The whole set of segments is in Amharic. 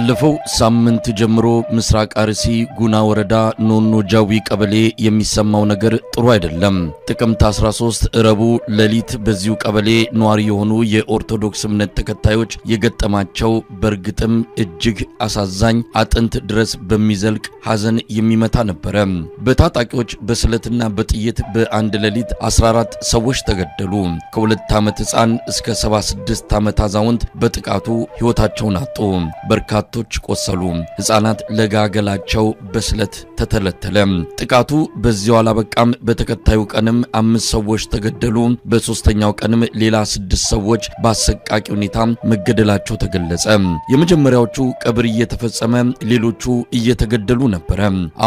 ካለፈው ሳምንት ጀምሮ ምስራቅ አርሲ ጉና ወረዳ ኖኖ ጃዊ ቀበሌ የሚሰማው ነገር ጥሩ አይደለም። ጥቅምት 13 እረቡ ሌሊት በዚሁ ቀበሌ ነዋሪ የሆኑ የኦርቶዶክስ እምነት ተከታዮች የገጠማቸው በእርግጥም እጅግ አሳዛኝ አጥንት ድረስ በሚዘልቅ ሐዘን የሚመታ ነበረ። በታጣቂዎች በስለትና በጥይት በአንድ ሌሊት 14 ሰዎች ተገደሉ። ከሁለት ዓመት ሕፃን እስከ 76 ዓመት አዛውንት በጥቃቱ ሕይወታቸውን አጡ። በርካታ በርካቶች ቆሰሉ። ሕፃናት ለጋገላቸው በስለት ተተለተለ። ጥቃቱ በዚያው አላበቃም። በተከታዩ ቀንም አምስት ሰዎች ተገደሉ። በሦስተኛው ቀንም ሌላ ስድስት ሰዎች በአሰቃቂ ሁኔታ መገደላቸው ተገለጸ። የመጀመሪያዎቹ ቀብር እየተፈጸመ ሌሎቹ እየተገደሉ ነበረ።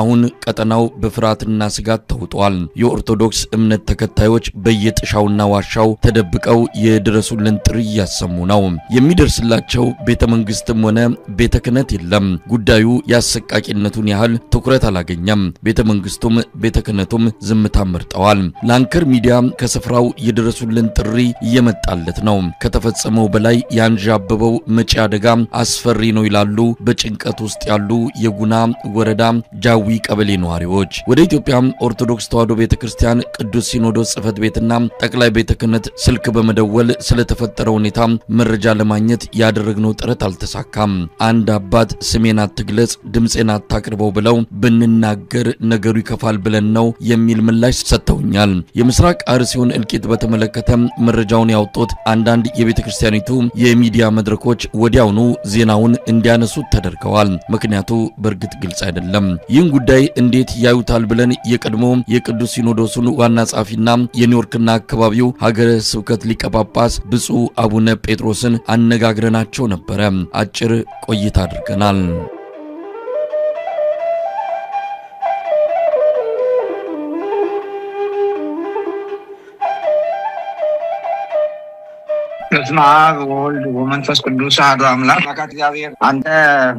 አሁን ቀጠናው በፍርሃትና ስጋት ተውጧል። የኦርቶዶክስ እምነት ተከታዮች በየጥሻውና ዋሻው ተደብቀው የድረሱልን ጥሪ እያሰሙ ነው። የሚደርስላቸው ቤተ መንግስትም ሆነ ቤተ ክህነት የለም። ጉዳዩ የአሰቃቂነቱን ያህል ትኩረት አላገኘም። ቤተ መንግስቱም ቤተ ክህነቱም ዝምታ መርጠዋል። ለአንከር ሚዲያ ከስፍራው የደረሱልን ጥሪ እየመጣለት ነው። ከተፈጸመው በላይ ያንዣበበው መጪ አደጋ አስፈሪ ነው ይላሉ በጭንቀት ውስጥ ያሉ የጉና ወረዳ ጃዊ ቀበሌ ነዋሪዎች። ወደ ኢትዮጵያ ኦርቶዶክስ ተዋሕዶ ቤተ ክርስቲያን ቅዱስ ሲኖዶስ ጽሕፈት ቤትና ጠቅላይ ቤተ ክህነት ስልክ በመደወል ስለተፈጠረ ሁኔታ መረጃ ለማግኘት ያደረግነው ጥረት አልተሳካም። አንድ አባት ስሜን አትግለጽ፣ ድምፄን አታቅርበው ብለው ብንናገር ነገሩ ይከፋል ብለን ነው የሚል ምላሽ ሰጥተውኛል። የምስራቅ አርሲውን እልቂት በተመለከተ መረጃውን ያወጡት አንዳንድ የቤተ ክርስቲያኒቱ የሚዲያ መድረኮች ወዲያውኑ ዜናውን እንዲያነሱ ተደርገዋል። ምክንያቱ በእርግጥ ግልጽ አይደለም። ይህን ጉዳይ እንዴት ያዩታል ብለን የቀድሞ የቅዱስ ሲኖዶሱን ዋና ጸሐፊና የኒውዮርክና አካባቢው ሀገረ ስብከት ሊቀ ጳጳስ ብፁዕ አቡነ ጴጥሮስን አነጋግረናቸው ነበረ። አጭር ቆይ ቆይታ አድርገናል። በስመ አብ ወወልድ ወመንፈስ ቅዱስ አሐዱ አምላክ አካት እግዚአብሔር። አንተ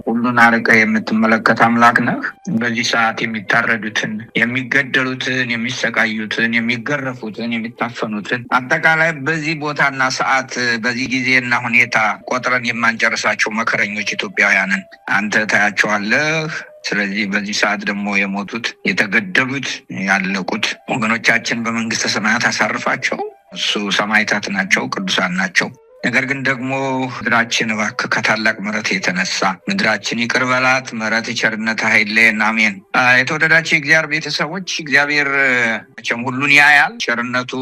ሁሉን አርቀህ የምትመለከት አምላክ ነህ። በዚህ ሰዓት የሚታረዱትን፣ የሚገደሉትን፣ የሚሰቃዩትን፣ የሚገረፉትን፣ የሚታፈኑትን አጠቃላይ በዚህ ቦታና ሰዓት በዚህ ጊዜና ሁኔታ ቆጥረን የማንጨርሳቸው መከረኞች ኢትዮጵያውያንን አንተ ታያቸዋለህ። ስለዚህ በዚህ ሰዓት ደግሞ የሞቱት የተገደሉት ያለቁት ወገኖቻችን በመንግስተ ሰማያት አሳርፋቸው እሱ ሰማይታት ናቸው፣ ቅዱሳን ናቸው። ነገር ግን ደግሞ ምድራችን እባክህ ከታላቅ ምረት የተነሳ ምድራችን ይቅር በላት። ምረት ቸርነት ሀይሌን አሜን። የተወደዳቸው የእግዚአብሔር ቤተሰቦች እግዚአብሔር መቼም ሁሉን ያያል። ቸርነቱ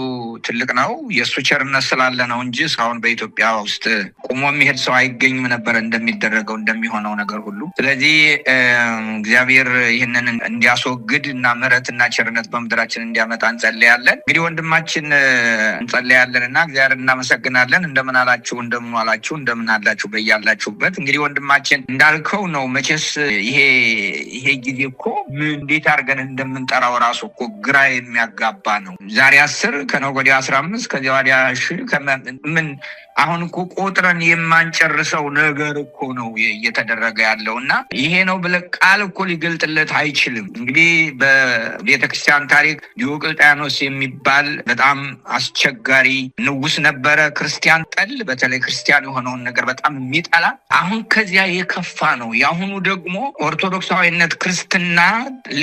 ትልቅ ነው። የእሱ ቸርነት ስላለ ነው እንጂ እስካሁን በኢትዮጵያ ውስጥ ቁሞ የሚሄድ ሰው አይገኝም ነበር እንደሚደረገው እንደሚሆነው ነገር ሁሉ። ስለዚህ እግዚአብሔር ይህንን እንዲያስወግድ እና ምረት እና ቸርነት በምድራችን እንዲያመጣ እንጸለያለን። እንግዲህ ወንድማችን እንጸለያለን እና እግዚአብሔር እናመሰግናለን እንደምን ዋላችሁ፣ እንደምን ዋላችሁ፣ እንደምን አላችሁ በያላችሁበት። እንግዲህ ወንድማችን እንዳልከው ነው መቼስ ይሄ ይሄ ጊዜ እኮ እንዴት አድርገን እንደምንጠራው ራሱ እኮ ግራ የሚያጋባ ነው። ዛሬ አስር ከነገ ወዲያ አስራ አምስት ከዚያ ወዲያ ምን አሁን እኮ ቆጥረን የማንጨርሰው ነገር እኮ ነው እየተደረገ ያለው እና ይሄ ነው ብለ ቃል እኮ ሊገልጥለት አይችልም። እንግዲህ በቤተክርስቲያን ታሪክ ዲዮቅልጥያኖስ የሚባል በጣም አስቸጋሪ ንጉስ ነበረ። ክርስቲያን ጠል በተለይ ክርስቲያን የሆነውን ነገር በጣም የሚጠላ አሁን ከዚያ የከፋ ነው። የአሁኑ ደግሞ ኦርቶዶክሳዊነት ክርስትና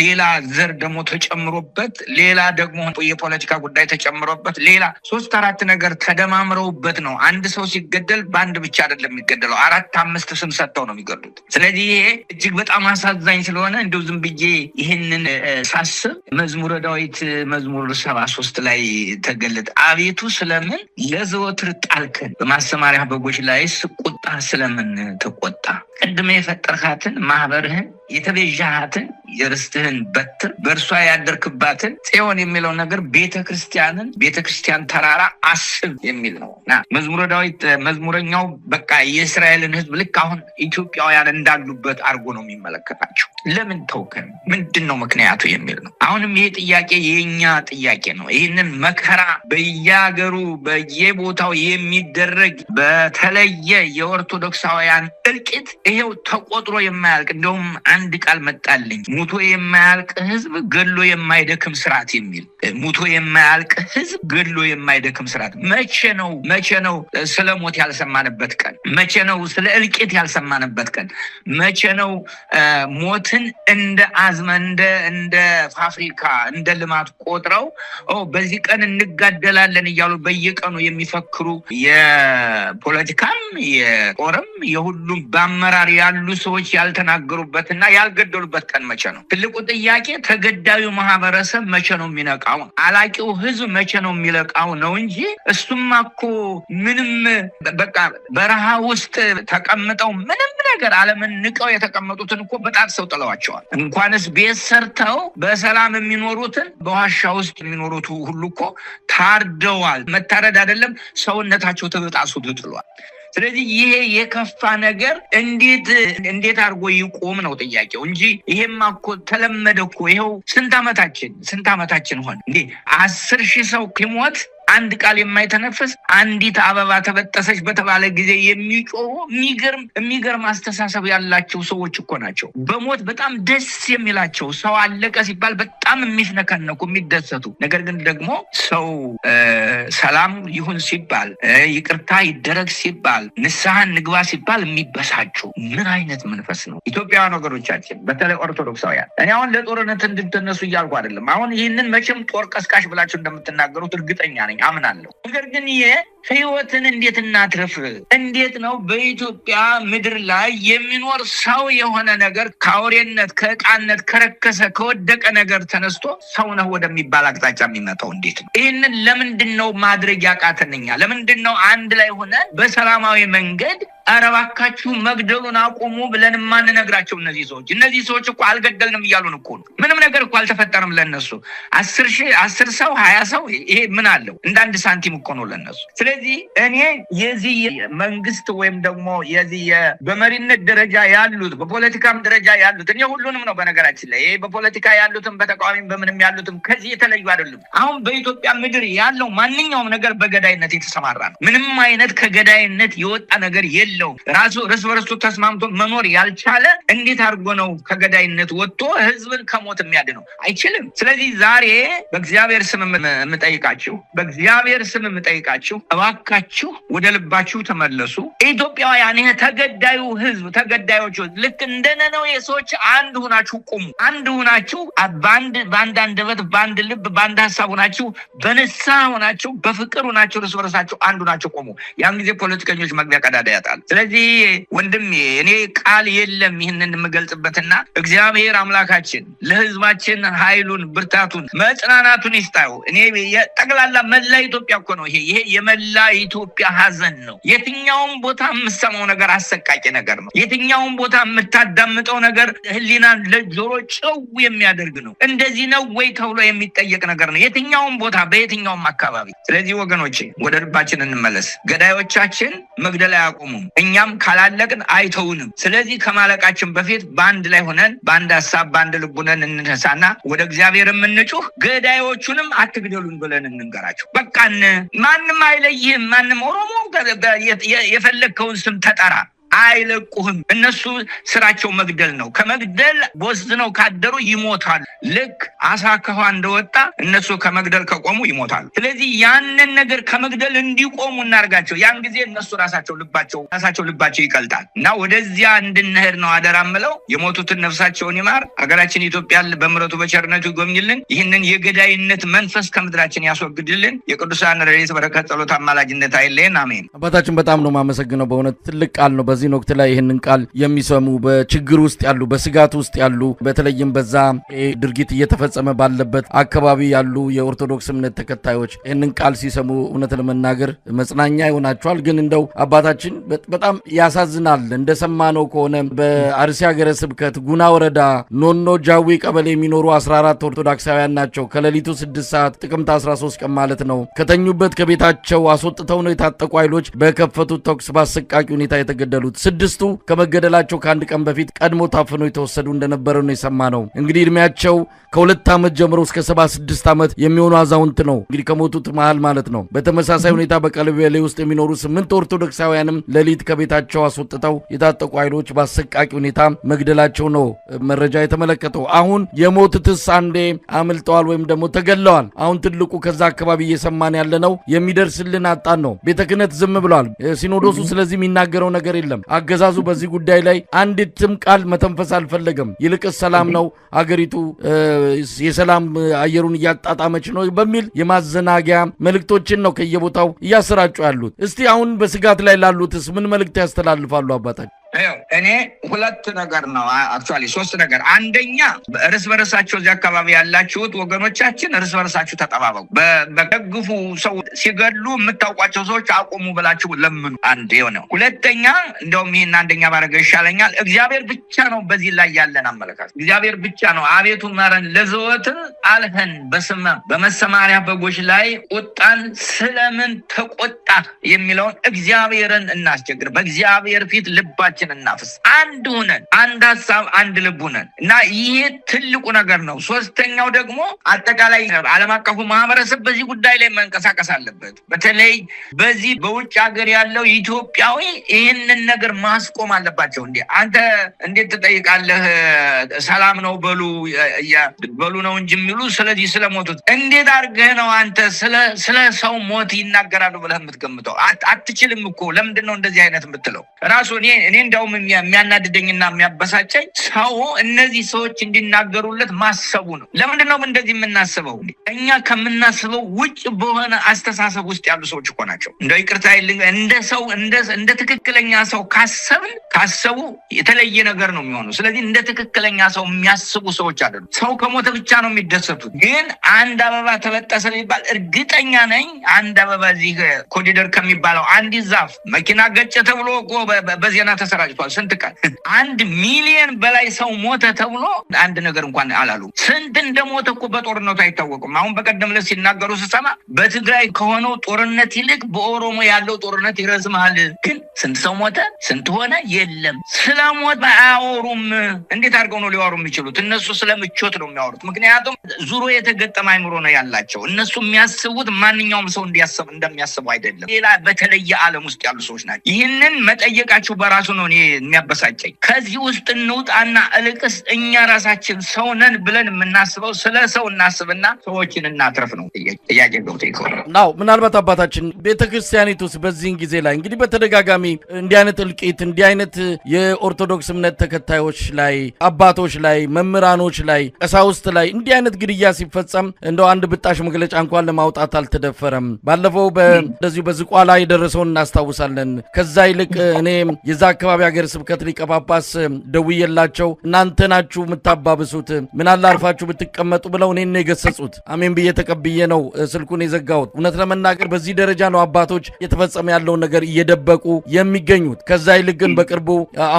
ሌላ ዘር ደግሞ ተጨምሮበት፣ ሌላ ደግሞ የፖለቲካ ጉዳይ ተጨምሮበት፣ ሌላ ሶስት አራት ነገር ተደማምረውበት ነው። አንድ ሰው ሲገደል በአንድ ብቻ አይደለም የሚገደለው፣ አራት አምስት ስም ሰጥተው ነው የሚገድሉት። ስለዚህ ይሄ እጅግ በጣም አሳዛኝ ስለሆነ እንደው ዝም ብዬ ይህንን ሳስብ መዝሙረ ዳዊት መዝሙር ሰባ ሶስት ላይ ተገለጠ አቤቱ ስለምን ለዘወትር ጣልከን በማሰማሪያ በጎች ላይስ ቁጣ ስለምን ተቆጣ? ቅድመ የፈጠርሃትን ማህበርህን የተቤዣሃትን የርስትህን በትር በእርሷ ያደርክባትን ጽዮን የሚለው ነገር ቤተ ክርስቲያንን ቤተ ክርስቲያን ተራራ አስብ የሚል ነው እና መዝሙረ ዳዊት መዝሙረኛው በቃ የእስራኤልን ህዝብ ልክ አሁን ኢትዮጵያውያን እንዳሉበት አድርጎ ነው የሚመለከታቸው። ለምን ተውከን ምንድን ነው ምክንያቱ የሚል ነው። አሁንም ይሄ ጥያቄ የኛ ጥያቄ ነው። ይህንን መከራ በየሀገሩ በየቦታው የሚደረግ በተለየ የኦርቶዶክሳውያን እልቂት ይሄው ተቆጥሮ የማያልቅ እንደውም አንድ ቃል መጣልኝ፣ ሙቶ የማያልቅ ህዝብ ገሎ የማይደክም ስርዓት የሚል ሙቶ የማያልቅ ህዝብ ገሎ የማይደክም ስርዓት። መቼ ነው መቼ ነው ስለ ሞት ያልሰማንበት ቀን? መቼ ነው ስለ እልቂት ያልሰማንበት ቀን? መቼ ነው ሞትን እንደ አዝመ እንደ እንደ ፋብሪካ እንደ ልማት ቆጥረው በዚህ ቀን እንጋደላለን እያሉ በየቀኑ የሚፈክሩ የፖለቲካም የጦርም የሁሉም በአመራ አመራር ያሉ ሰዎች ያልተናገሩበትና ያልገደሉበት ቀን መቼ ነው? ትልቁ ጥያቄ ተገዳዩ ማህበረሰብ መቼ ነው የሚነቃው? አላቂው ህዝብ መቼ ነው የሚለቃው ነው እንጂ እሱማ እኮ ምንም በቃ በረሃ ውስጥ ተቀምጠው ምንም ነገር አለምን ንቀው የተቀመጡትን እኮ በጣት ሰው ጥለዋቸዋል። እንኳንስ ቤት ሰርተው በሰላም የሚኖሩትን በዋሻ ውስጥ የሚኖሩት ሁሉ እኮ ታርደዋል። መታረድ አይደለም ሰውነታቸው ተበጣሱ ጥሏል። ስለዚህ ይሄ የከፋ ነገር እንዴት እንዴት አድርጎ ይቆም ነው ጥያቄው እንጂ ይሄማ እኮ ተለመደ እኮ ይኸው ስንት ዓመታችን ስንት ዓመታችን ሆን እንዴ አስር ሺህ ሰው ሲሞት አንድ ቃል የማይተነፍስ አንዲት አበባ ተበጠሰች በተባለ ጊዜ የሚጮሆ የሚገርም የሚገርም አስተሳሰብ ያላቸው ሰዎች እኮ ናቸው። በሞት በጣም ደስ የሚላቸው ሰው አለቀ ሲባል በጣም የሚፍነከነኩ የሚደሰቱ፣ ነገር ግን ደግሞ ሰው ሰላም ይሁን ሲባል ይቅርታ ይደረግ ሲባል ንስሐን ንግባ ሲባል የሚበሳቸው ምን አይነት መንፈስ ነው? ኢትዮጵያውያን ወገኖቻችን በተለይ ኦርቶዶክሳውያን፣ እኔ አሁን ለጦርነት እንድትነሱ እያልኩ አይደለም። አሁን ይህንን መቼም ጦር ቀስቃሽ ብላችሁ እንደምትናገሩት እርግጠኛ ነኝ። ነኝ አምናለሁ። ነገር ግን ይህ ህይወትን እንዴት እናትርፍ? እንዴት ነው በኢትዮጵያ ምድር ላይ የሚኖር ሰው የሆነ ነገር ከአውሬነት፣ ከእቃነት፣ ከረከሰ ከወደቀ ነገር ተነስቶ ሰው ነህ ወደሚባል አቅጣጫ የሚመጣው እንዴት ነው? ይህንን ለምንድን ነው ማድረግ ያቃተንኛ? ለምንድን ነው አንድ ላይ ሆነ በሰላማዊ መንገድ አረባካችሁ እባካችሁ መግደሉን አቁሙ ብለን ማንነግራቸው እነዚህ ሰዎች እነዚህ ሰዎች እኮ አልገደልንም እያሉን እኮ ነው። ምንም ነገር እኮ አልተፈጠርም ለነሱ። አስር ሺህ አስር ሰው ሀያ ሰው ይሄ ምን አለው? እንደ አንድ ሳንቲም እኮ ነው ለነሱ። ስለዚህ እኔ የዚህ መንግስት ወይም ደግሞ የዚህ በመሪነት ደረጃ ያሉት በፖለቲካም ደረጃ ያሉት እኔ ሁሉንም ነው በነገራችን ላይ ይሄ በፖለቲካ ያሉትም በተቃዋሚም በምንም ያሉትም ከዚህ የተለዩ አይደሉም። አሁን በኢትዮጵያ ምድር ያለው ማንኛውም ነገር በገዳይነት የተሰማራ ነው። ምንም አይነት ከገዳይነት የወጣ ነገር የለ የሌለው ራሱ እርስ በርሱ ተስማምቶ መኖር ያልቻለ እንዴት አድርጎ ነው ከገዳይነት ወጥቶ ህዝብን ከሞት የሚያድነው? አይችልም። ስለዚህ ዛሬ በእግዚአብሔር ስም የምጠይቃችሁ በእግዚአብሔር ስም የምጠይቃችሁ እባካችሁ ወደ ልባችሁ ተመለሱ። ኢትዮጵያውያን ይህ ተገዳዩ ህዝብ ተገዳዮች ልክ እንደ ነነዌ ሰዎች አንድ ሁናችሁ ቁሙ። አንድ ሁናችሁ በአንድ በአንድ አንደበት በአንድ ልብ በአንድ ሀሳብ ሁናችሁ በንሳ ሁናችሁ በፍቅር ሁናችሁ እርስ በርሳችሁ አንድ ሁናችሁ ቆሙ። ያን ጊዜ ፖለቲከኞች መግቢያ ቀዳዳ ያጣል። ስለዚህ ወንድሜ እኔ ቃል የለም ይህንን የምገልጽበትና እግዚአብሔር አምላካችን ለህዝባችን ኃይሉን ብርታቱን መጽናናቱን ይስጣው። እኔ ጠቅላላ መላ ኢትዮጵያ እኮ ነው ይሄ ይሄ የመላ ኢትዮጵያ ሀዘን ነው። የትኛውም ቦታ የምሰማው ነገር አሰቃቂ ነገር ነው። የትኛውም ቦታ የምታዳምጠው ነገር ህሊናን ለጆሮ ጨው የሚያደርግ ነው። እንደዚህ ነው ወይ ተብሎ የሚጠየቅ ነገር ነው የትኛውም ቦታ በየትኛውም አካባቢ። ስለዚህ ወገኖቼ ወደ ልባችን እንመለስ። ገዳዮቻችን መግደል አያቆሙም። እኛም ካላለቅን አይተውንም። ስለዚህ ከማለቃችን በፊት በአንድ ላይ ሆነን በአንድ ሀሳብ በአንድ ልቡነን እንነሳና ወደ እግዚአብሔር የምንጩህ ገዳዮቹንም አትግደሉን ብለን እንንገራቸው። በቃን ማንም አይለይህም። ማንም ኦሮሞ የፈለግከውን ስም ተጠራ አይለቁህም። እነሱ ስራቸው መግደል ነው። ከመግደል ቦዝነው ካደሩ ይሞታል። ልክ አሳ ከውሃ እንደወጣ እነሱ ከመግደል ከቆሙ ይሞታሉ። ስለዚህ ያንን ነገር ከመግደል እንዲቆሙ እናርጋቸው። ያን ጊዜ እነሱ ራሳቸው ልባቸው ራሳቸው ልባቸው ይቀልጣል እና ወደዚያ እንድንሄድ ነው አደራ ምለው። የሞቱትን ነፍሳቸውን ይማር። ሀገራችን ኢትዮጵያ በምረቱ በቸርነቱ ይጎብኝልን። ይህንን የገዳይነት መንፈስ ከምድራችን ያስወግድልን። የቅዱሳን ረድኤት በረከት፣ ጸሎት፣ አማላጅነት አይለየን። አሜን። አባታችን በጣም ነው የማመሰግነው። በእውነት ትልቅ ቃል ነው። በዚህን ወቅት ላይ ይህንን ቃል የሚሰሙ በችግር ውስጥ ያሉ፣ በስጋት ውስጥ ያሉ በተለይም በዛ ድርጊት እየተፈጸመ ባለበት አካባቢ ያሉ የኦርቶዶክስ እምነት ተከታዮች ይህንን ቃል ሲሰሙ እውነት ለመናገር መጽናኛ ይሆናቸዋል። ግን እንደው አባታችን በጣም ያሳዝናል። እንደሰማነው ከሆነ በአርሲ ሀገረ ስብከት ጉና ወረዳ ኖኖ ጃዊ ቀበሌ የሚኖሩ 14 ኦርቶዶክሳውያን ናቸው። ከሌሊቱ 6 ሰዓት ጥቅምት 13 ቀን ማለት ነው ከተኙበት ከቤታቸው አስወጥተው ነው የታጠቁ ኃይሎች በከፈቱት ተኩስ በአሰቃቂ ሁኔታ የተገደሉ ያሉት። ስድስቱ ከመገደላቸው ከአንድ ቀን በፊት ቀድሞ ታፍኖ የተወሰዱ እንደነበረ ነው ነው። እንግዲህ እድሜያቸው ከሁለት ዓመት ጀምሮ እስከ 76 ዓመት የሚሆኑ አዛውንት ነው እንግዲህ ከሞቱት መሃል ማለት ነው። በተመሳሳይ ሁኔታ በቀለቤሌ ውስጥ የሚኖሩ ስምንት ኦርቶዶክሳውያንም ሌሊት ከቤታቸው አስወጥተው የታጠቁ ኃይሎች በአሰቃቂ ሁኔታ መግደላቸው ነው መረጃ የተመለከተው። አሁን የሞቱትስ አንዴ አምልጠዋል ወይም ደግሞ ተገለዋል። አሁን ትልቁ ከዛ አካባቢ እየሰማን ያለ ነው። የሚደርስልን አጣን ነው። ቤተ ክህነት ዝም ብለዋል። ሲኖዶሱ ስለዚህ የሚናገረው ነገር የለም። አይደለም። አገዛዙ በዚህ ጉዳይ ላይ አንዲትም ቃል መተንፈስ አልፈለገም። ይልቅስ ሰላም ነው አገሪቱ የሰላም አየሩን እያጣጣመች ነው በሚል የማዘናጊያ መልእክቶችን ነው ከየቦታው እያሰራጩ ያሉት። እስቲ አሁን በስጋት ላይ ላሉትስ ምን መልእክት ያስተላልፋሉ አባታቸው? እኔ ሁለት ነገር ነው አክቹዋሊ ሶስት ነገር። አንደኛ እርስ በርሳቸው እዚህ አካባቢ ያላችሁት ወገኖቻችን እርስ በርሳችሁ ተጠባበቁ። በደግፉ ሰው ሲገሉ የምታውቋቸው ሰዎች አቁሙ ብላችሁ ለምኑ። አንድ የሆነው ሁለተኛ፣ እንደውም ይህን አንደኛ ባረገ ይሻለኛል። እግዚአብሔር ብቻ ነው በዚህ ላይ ያለን አመለካከት። እግዚአብሔር ብቻ ነው። አቤቱ መረን ለዘወትር አልህን በስመ በመሰማሪያ በጎች ላይ ቁጣን ስለምን ተቆጣ የሚለውን እግዚአብሔርን እናስቸግር። በእግዚአብሔር ፊት ልባችን ራሳችን እናፍስ፣ አንድ ሁነን፣ አንድ ሀሳብ፣ አንድ ልብ ሁነን እና ይሄ ትልቁ ነገር ነው። ሶስተኛው ደግሞ አጠቃላይ አለም አቀፉ ማህበረሰብ በዚህ ጉዳይ ላይ መንቀሳቀስ አለበት። በተለይ በዚህ በውጭ ሀገር ያለው ኢትዮጵያዊ ይህንን ነገር ማስቆም አለባቸው። እንዲ አንተ እንዴት ትጠይቃለህ? ሰላም ነው በሉ በሉ ነው እንጂ የሚሉ ስለዚህ ስለሞቱት እንዴት አርገህ ነው አንተ ስለ ሰው ሞት ይናገራሉ ብለህ የምትገምተው? አትችልም እኮ ለምንድን ነው እንደዚህ አይነት የምትለው? ራሱ እኔ እንዲያውም የሚያናድደኝና የሚያበሳጨኝ ሰው እነዚህ ሰዎች እንዲናገሩለት ማሰቡ ነው። ለምንድን ነው እንደዚህ የምናስበው? እኛ ከምናስበው ውጭ በሆነ አስተሳሰብ ውስጥ ያሉ ሰዎች እኮ ናቸው። እንደ ይቅርታ እንደ ሰው እንደ ትክክለኛ ሰው ካሰብን ካሰቡ የተለየ ነገር ነው የሚሆኑ። ስለዚህ እንደ ትክክለኛ ሰው የሚያስቡ ሰዎች አይደሉም። ሰው ከሞተ ብቻ ነው የሚደሰቱት። ግን አንድ አበባ ተበጠሰ ሚባል እርግጠኛ ነኝ አንድ አበባ እዚህ ኮሪደር ከሚባለው አንዲት ዛፍ መኪና ገጨ ተብሎ በዜና ተሰ ተሰራጭቷል። ስንት ቀን አንድ ሚሊየን በላይ ሰው ሞተ ተብሎ አንድ ነገር እንኳን አላሉ። ስንት እንደሞተ እኮ በጦርነቱ አይታወቅም። አሁን በቀደም ዕለት ሲናገሩ ስሰማ በትግራይ ከሆነው ጦርነት ይልቅ በኦሮሞ ያለው ጦርነት ይረዝማል። ግን ስንት ሰው ሞተ ስንት ሆነ የለም። ስለሞት አያወሩም። እንዴት አድርገው ነው ሊያወሩ የሚችሉት? እነሱ ስለምቾት ነው የሚያወሩት። ምክንያቱም ዙሮ የተገጠመ አይምሮ ነው ያላቸው። እነሱ የሚያስቡት ማንኛውም ሰው እንደሚያስቡ አይደለም። ሌላ በተለየ ዓለም ውስጥ ያሉ ሰዎች ናቸው። ይህንን መጠየቃቸው በራሱ ነው እኔ የሚያበሳጨኝ። ከዚህ ውስጥ እንውጣና እልቅስ እኛ ራሳችን ሰው ነን ብለን የምናስበው ስለ ሰው እናስብና ሰዎችን እናትረፍ ነው ጥያቄ ገብቶ ናው። ምናልባት አባታችን ቤተ ክርስቲያኒት ውስጥ በዚህን ጊዜ ላይ እንግዲህ በተደጋጋሚ እንዲህ አይነት እልቂት እንዲህ አይነት የኦርቶዶክስ እምነት ተከታዮች ላይ አባቶች ላይ መምህራኖች ላይ ቀሳውስት ላይ እንዲህ አይነት ግድያ ሲፈጸም እንደው አንድ ብጣሽ መግለጫ እንኳን ለማውጣት አልተደፈረም። ባለፈው በዚሁ በዝቋላ የደረሰውን እናስታውሳለን። ከዛ ይልቅ እኔ የዛ አካባቢ የመጋቢ ሀገር ስብከት ሊቀ ጳጳስ ደውዬላቸው እናንተ ናችሁ የምታባብሱት፣ ምናለ አርፋችሁ ብትቀመጡ ብለው እኔን ነው የገሰጹት። አሜን ብዬ ተቀብዬ ነው ስልኩን የዘጋሁት። እውነት ለመናገር በዚህ ደረጃ ነው አባቶች እየተፈጸመ ያለውን ነገር እየደበቁ የሚገኙት። ከዛ ይልቅ ግን በቅርቡ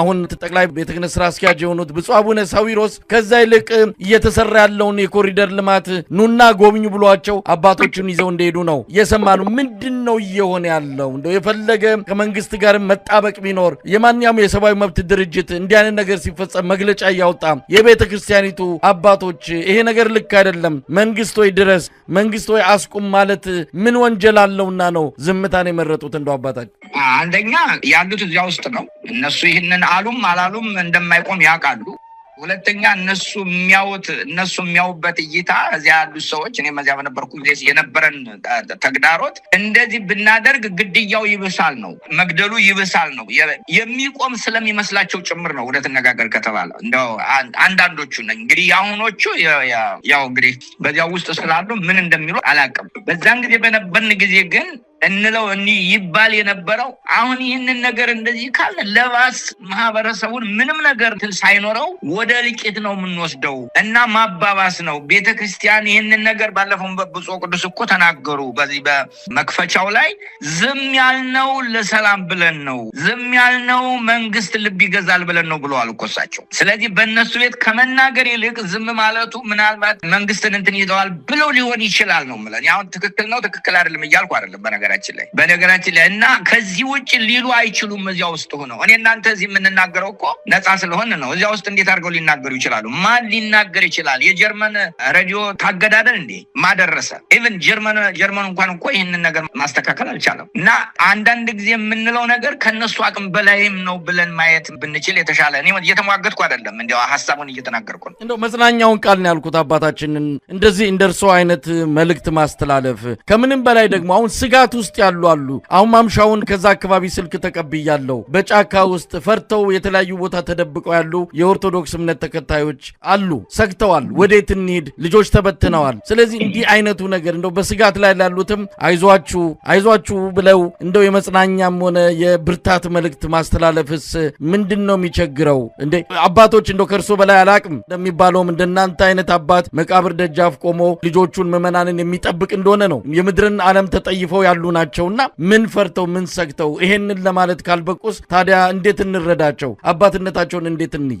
አሁን ጠቅላይ ቤተ ክህነት ስራ አስኪያጅ የሆኑት ብፁዕ አቡነ ሳዊሮስ ከዛ ይልቅ እየተሰራ ያለውን የኮሪደር ልማት ኑና ጎብኙ ብሏቸው አባቶቹን ይዘው እንደሄዱ ነው ነው። ምንድን ነው እየሆነ ያለው? እንደው የፈለገ ከመንግስት ጋር መጣበቅ ቢኖር የማን ማንኛውም የሰብአዊ መብት ድርጅት እንዲህ ነገር ሲፈጸም መግለጫ እያወጣ የቤተ ክርስቲያኒቱ አባቶች ይሄ ነገር ልክ አይደለም፣ መንግስት ወይ ድረስ፣ መንግስት ወይ አስቁም ማለት ምን ወንጀል አለውና ነው ዝምታን የመረጡት? እንደው አባታች አንደኛ ያሉት እዚያ ውስጥ ነው። እነሱ ይህንን አሉም አላሉም እንደማይቆም ያውቃሉ። ሁለተኛ እነሱ የሚያዩት እነሱ የሚያውበት እይታ እዚያ ያሉት ሰዎች እኔ መዚያ በነበርኩ ጊዜ የነበረን ተግዳሮት እንደዚህ ብናደርግ ግድያው ይብሳል ነው፣ መግደሉ ይብሳል ነው የሚቆም ስለሚመስላቸው ጭምር ነው። ወደ ትነጋገር ከተባለ እንደው አንዳንዶቹ እንግዲህ የአሁኖቹ ያው እንግዲህ በዚያ ውስጥ ስላሉ ምን እንደሚሉ አላቅም በዛን ጊዜ በነበርን ጊዜ ግን እንለው እኒ ይባል የነበረው አሁን ይህንን ነገር እንደዚህ ካልን ለባስ ማህበረሰቡን ምንም ነገር ሳይኖረው ወደ ልቂት ነው የምንወስደው እና ማባባስ ነው። ቤተ ክርስቲያን ይህንን ነገር ባለፈው ብፁዕ ወቅዱስ እኮ ተናገሩ። በዚህ በመክፈቻው ላይ ዝም ያልነው ለሰላም ብለን ነው፣ ዝም ያልነው መንግስት ልብ ይገዛል ብለን ነው ብለዋል እኮ እሳቸው። ስለዚህ በእነሱ ቤት ከመናገር ይልቅ ዝም ማለቱ ምናልባት መንግስትን እንትን ይዘዋል ብለው ሊሆን ይችላል ነው ምለን። አሁን ትክክል ነው ትክክል አይደለም እያልኩ አይደለም በነገር በነገራችን ላይ በነገራችን ላይ እና ከዚህ ውጭ ሊሉ አይችሉም። እዚያ ውስጥ ሆነው እኔ እናንተ እዚህ የምንናገረው እኮ ነፃ ስለሆን ነው። እዚያ ውስጥ እንዴት አድርገው ሊናገሩ ይችላሉ? ማን ሊናገር ይችላል? የጀርመን ሬዲዮ ታገዳደል እንዴ ማደረሰ ኢቨን ጀርመን ጀርመን እንኳን እኮ ይህንን ነገር ማስተካከል አልቻለም። እና አንዳንድ ጊዜ የምንለው ነገር ከነሱ አቅም በላይም ነው ብለን ማየት ብንችል የተሻለ እኔ እየተሟገጥኩ አይደለም፣ እንዲ ሀሳቡን እየተናገርኩ ነው። እንደው መጽናኛውን ቃል ነው ያልኩት አባታችንን እንደዚህ እንደርሰው አይነት መልእክት ማስተላለፍ ከምንም በላይ ደግሞ አሁን ስጋቱ ውስጥ ያሉ አሉ። አሁን ማምሻውን ከዛ አካባቢ ስልክ ተቀብያለሁ። በጫካ ውስጥ ፈርተው የተለያዩ ቦታ ተደብቀው ያሉ የኦርቶዶክስ እምነት ተከታዮች አሉ። ሰግተዋል። ወዴት እንሂድ? ልጆች ተበትነዋል። ስለዚህ እንዲህ አይነቱ ነገር እንደው በስጋት ላይ ላሉትም አይዟችሁ አይዟችሁ ብለው እንደው የመጽናኛም ሆነ የብርታት መልእክት ማስተላለፍስ ምንድን ነው የሚቸግረው እንዴ? አባቶች እንደው ከእርሶ በላይ አላቅም እንደሚባለውም እንደናንተ አይነት አባት መቃብር ደጃፍ ቆሞ ልጆቹን ምዕመናንን የሚጠብቅ እንደሆነ ነው። የምድርን ዓለም ተጠይፈው ያሉ ናቸውና ምን ፈርተው ምን ሰግተው ይሄንን ለማለት ካልበቁስ ታዲያ እንዴት እንረዳቸው? አባትነታቸውን እንዴት እንይ?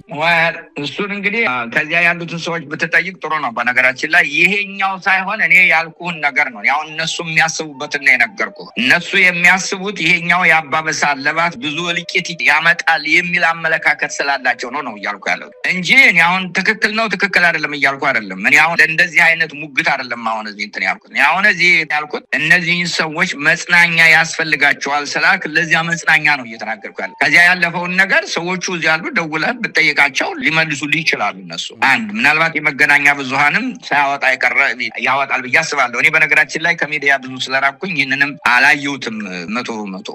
እሱን እንግዲህ ከዚያ ያሉትን ሰዎች ብትጠይቅ ጥሩ ነው። በነገራችን ላይ ይሄኛው ሳይሆን እኔ ያልኩህን ነገር ነው። ያው እነሱ የሚያስቡበትን ነው የነገርኩ። እነሱ የሚያስቡት ይሄኛው የአባበሳ አለባት ብዙ እልቂት ያመጣል የሚል አመለካከት ስላላቸው ነው ነው እያልኩ ያለው እንጂ እኔ አሁን ትክክል ነው ትክክል አይደለም እያልኩ አይደለም። እኔ አሁን እንደዚህ አይነት ሙግት አይደለም አሁን እዚህ እንትን ያልኩት። አሁን እዚህ ያልኩት እነዚህን ሰዎች መጽናኛ ያስፈልጋቸዋል ስላክ ለዚያ መጽናኛ ነው እየተናገርኩ ያለ። ከዚያ ያለፈውን ነገር ሰዎቹ እዚ ያሉ ደውለህ ብጠይቃቸው ሊመልሱ ይችላሉ። እነሱ አንድ ምናልባት የመገናኛ ብዙሃንም ሳያወጣ የቀረ ያወጣል ብዬ አስባለሁ። እኔ በነገራችን ላይ ከሚዲያ ብዙ ስለራኩኝ ይህንንም አላየሁትም መቶ በመቶ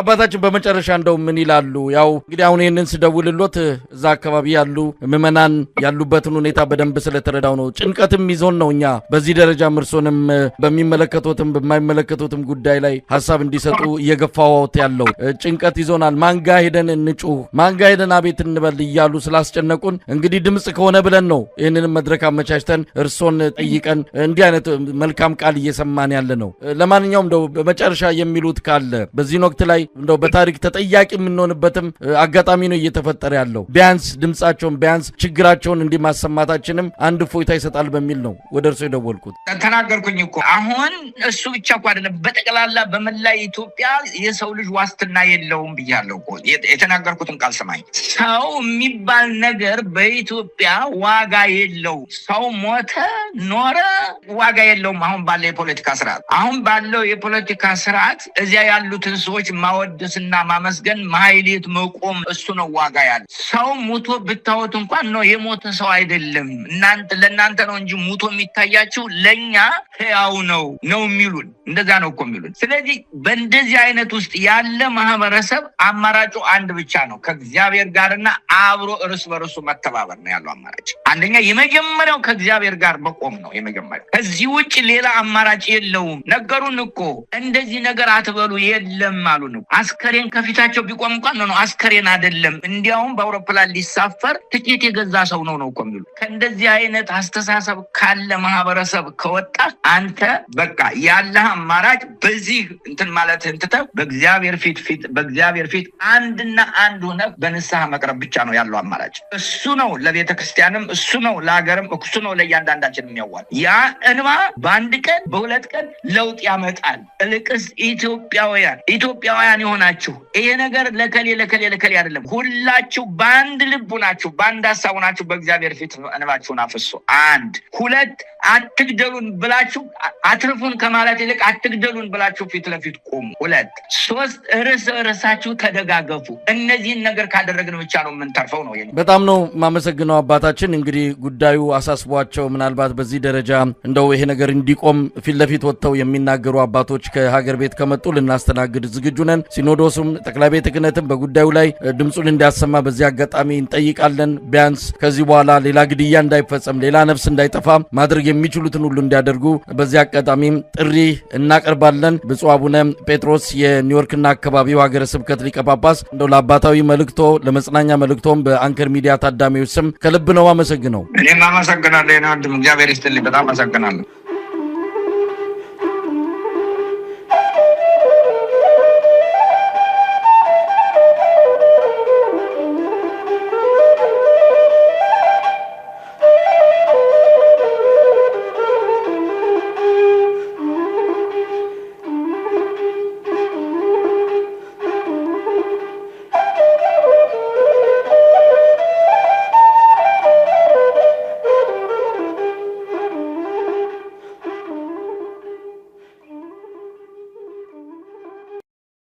አባታችን በመጨረሻ እንደው ምን ይላሉ? ያው እንግዲህ አሁን ይህንን ስደውልሎት እዛ አካባቢ ያሉ ምዕመናን ያሉበትን ሁኔታ በደንብ ስለተረዳው ነው። ጭንቀትም ይዞን ነው እኛ በዚህ ደረጃም እርሶንም በሚመለከቱትም በማይመለከቱትም ጉዳይ ላይ ሀሳብ እንዲሰጡ እየገፋዋዎት ያለው ጭንቀት ይዞናል። ማንጋ ሄደን እንጩህ፣ ማንጋ ሄደን አቤት እንበል እያሉ ስላስጨነቁን እንግዲህ ድምፅ ከሆነ ብለን ነው ይህንንም መድረክ አመቻችተን እርሶን ጠይቀን እንዲህ አይነት መልካም ቃል እየሰማን ያለ ነው። ለማንኛውም እንደው በመጨረሻ የሚሉት ካለ በዚህን ወቅት ላይ ላይ እንደው በታሪክ ተጠያቂ የምንሆንበትም አጋጣሚ ነው እየተፈጠረ ያለው። ቢያንስ ድምጻቸውን ቢያንስ ችግራቸውን እንዲህ ማሰማታችንም አንድ እፎይታ ይሰጣል በሚል ነው ወደ እርሶ የደወልኩት። ተናገርኩኝ እኮ አሁን እሱ ብቻ እኮ አይደለም፣ በጠቅላላ በመላ ኢትዮጵያ የሰው ልጅ ዋስትና የለውም ብያለሁ እኮ የተናገርኩትን ቃል ሰማኝ። ሰው የሚባል ነገር በኢትዮጵያ ዋጋ የለው ሰው ሞተ ኖረ ዋጋ የለውም። አሁን ባለው የፖለቲካ ስርዓት አሁን ባለው የፖለቲካ ስርዓት እዚያ ያሉትን ሰዎች ማ ማወደስና ማመስገን ማይሌት መቆም እሱ ነው ዋጋ ያለ ሰው ሙቶ ብታወት እንኳን ነው የሞተ ሰው አይደለም። እናንተ ለእናንተ ነው እንጂ ሙቶ የሚታያችው ለእኛ ህያው ነው ነው የሚሉን እንደዛ ነው እኮ የሚሉን። ስለዚህ በእንደዚህ አይነት ውስጥ ያለ ማህበረሰብ አማራጩ አንድ ብቻ ነው ከእግዚአብሔር ጋርና አብሮ እርስ በርሱ መተባበር ነው ያለው አማራጭ። አንደኛ የመጀመሪያው ከእግዚአብሔር ጋር መቆም ነው የመጀመሪያ ከዚህ ውጭ ሌላ አማራጭ የለውም። ነገሩን እኮ እንደዚህ ነገር አትበሉ የለም አሉን። አስከሬን ከፊታቸው ቢቆም እንኳን ነው አስከሬን አይደለም፣ እንዲያውም በአውሮፕላን ሊሳፈር ትኬት የገዛ ሰው ነው ነው እኮ የሚሉ። ከእንደዚህ አይነት አስተሳሰብ ካለ ማህበረሰብ ከወጣ አንተ በቃ ያለህ አማራጭ በዚህ እንትን ማለት እንትተህ በእግዚአብሔር ፊት ፊት በእግዚአብሔር ፊት አንድና አንድ ሆነ በንስሐ መቅረብ ብቻ ነው ያለው አማራጭ። እሱ ነው ለቤተ ክርስቲያንም፣ እሱ ነው ለሀገርም፣ እሱ ነው ለእያንዳንዳችን የሚያዋል። ያ እንባ በአንድ ቀን በሁለት ቀን ለውጥ ያመጣል። እልቅስ ኢትዮጵያውያን ኢትዮጵያውያን ቅዱሳን የሆናችሁ ይሄ ነገር ለከሌ ለከሌ ለከሌ አይደለም። ሁላችሁ በአንድ ልቡ ናችሁ፣ በአንድ ሀሳቡ ናችሁ። በእግዚአብሔር ፊት እንባችሁን አፍሱ። አንድ ሁለት አትግደሉን ብላችሁ አትርፉን ከማለት ይልቅ አትግደሉን ብላችሁ ፊት ለፊት ቆሙ። ሁለት ሶስት እርስ እርሳችሁ ተደጋገፉ። እነዚህን ነገር ካደረግን ብቻ ነው የምንተርፈው ነው። በጣም ነው የማመሰግነው አባታችን። እንግዲህ ጉዳዩ አሳስቧቸው ምናልባት በዚህ ደረጃ እንደው ይሄ ነገር እንዲቆም ፊት ለፊት ወጥተው የሚናገሩ አባቶች ከሀገር ቤት ከመጡ ልናስተናግድ ዝግጁ ነን። ሲኖዶሱም ጠቅላይ ቤተ ክህነትም በጉዳዩ ላይ ድምፁን እንዲያሰማ በዚህ አጋጣሚ እንጠይቃለን። ቢያንስ ከዚህ በኋላ ሌላ ግድያ እንዳይፈጸም፣ ሌላ ነፍስ እንዳይጠፋ ማድረግ የሚችሉትን ሁሉ እንዲያደርጉ በዚህ አጋጣሚም ጥሪ እናቀርባለን። ብፁዕ አቡነ ጴጥሮስ የኒውዮርክና አካባቢው ሀገረ ስብከት ሊቀ ጳጳስ እንደው ለአባታዊ መልእክቶ ለመጽናኛ መልእክቶም በአንከር ሚዲያ ታዳሚዎች ስም ከልብ ነው አመሰግነው። እኔም አመሰግናለሁ። እግዚአብሔር ይስጥልኝ። በጣም አመሰግናለሁ።